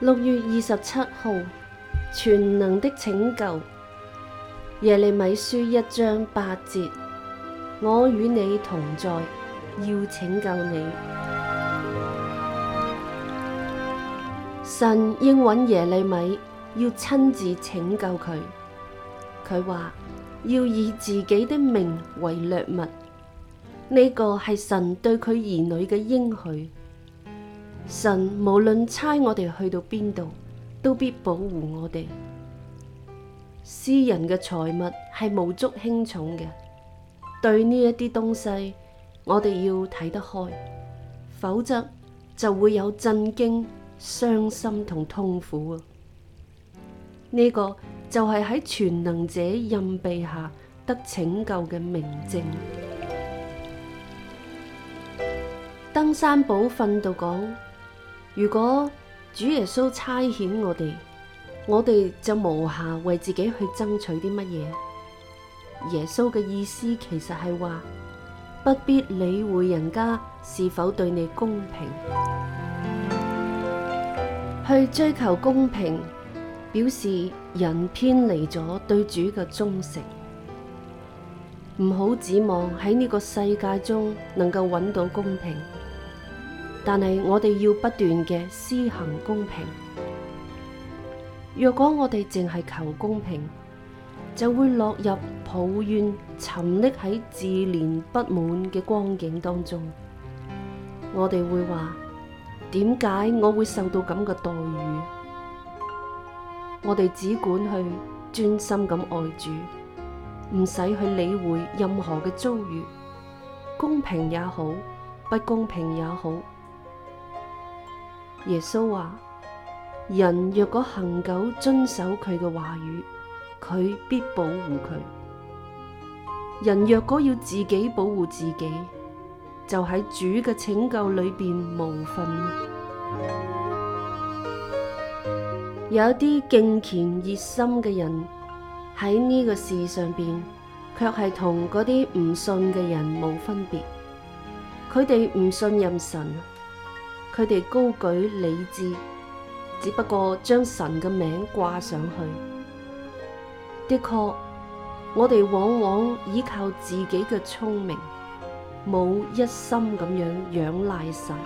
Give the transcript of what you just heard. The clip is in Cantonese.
六月二十七號，全能的拯救，耶利米書一章八節：我與你同在，要拯救你。神應允耶利米要親自拯救佢，佢話要以自己的命為掠物，呢個係神對佢兒女嘅應許。神無論差我哋去到邊度，都必保護我哋。私人嘅財物係無足輕重嘅，對呢一啲東西，我哋要睇得開，否則就會有震驚、傷心同痛苦啊！呢個就係喺全能者蔭庇下得拯救嘅明證。登山寶訓度講。如果主耶穌差遣我哋，我哋就無暇為自己去爭取啲乜嘢。耶穌嘅意思其實係話，不必理會人家是否對你公平。去追求公平，表示人偏離咗對主嘅忠誠。唔好指望喺呢個世界中能夠搵到公平。但係我哋要不斷嘅施行公平。若果我哋淨係求公平，就會落入抱怨、沉溺喺自憐不滿嘅光景當中。我哋會話，點解我會受到咁嘅待遇？我哋只管去專心咁愛主，唔使去理會任何嘅遭遇，公平也好，不公平也好。耶穌話：人若果恒久遵守佢嘅話語，佢必保護佢；人若果要自己保護自己，就喺主嘅拯救裏邊無份。 有啲敬虔熱心嘅人喺呢個事上邊，卻係同嗰啲唔信嘅人冇分別，佢哋唔信任神。佢哋高舉理智，只不過將神嘅名掛上去。的確，我哋往往依靠自己嘅聰明，冇一心咁樣仰賴神。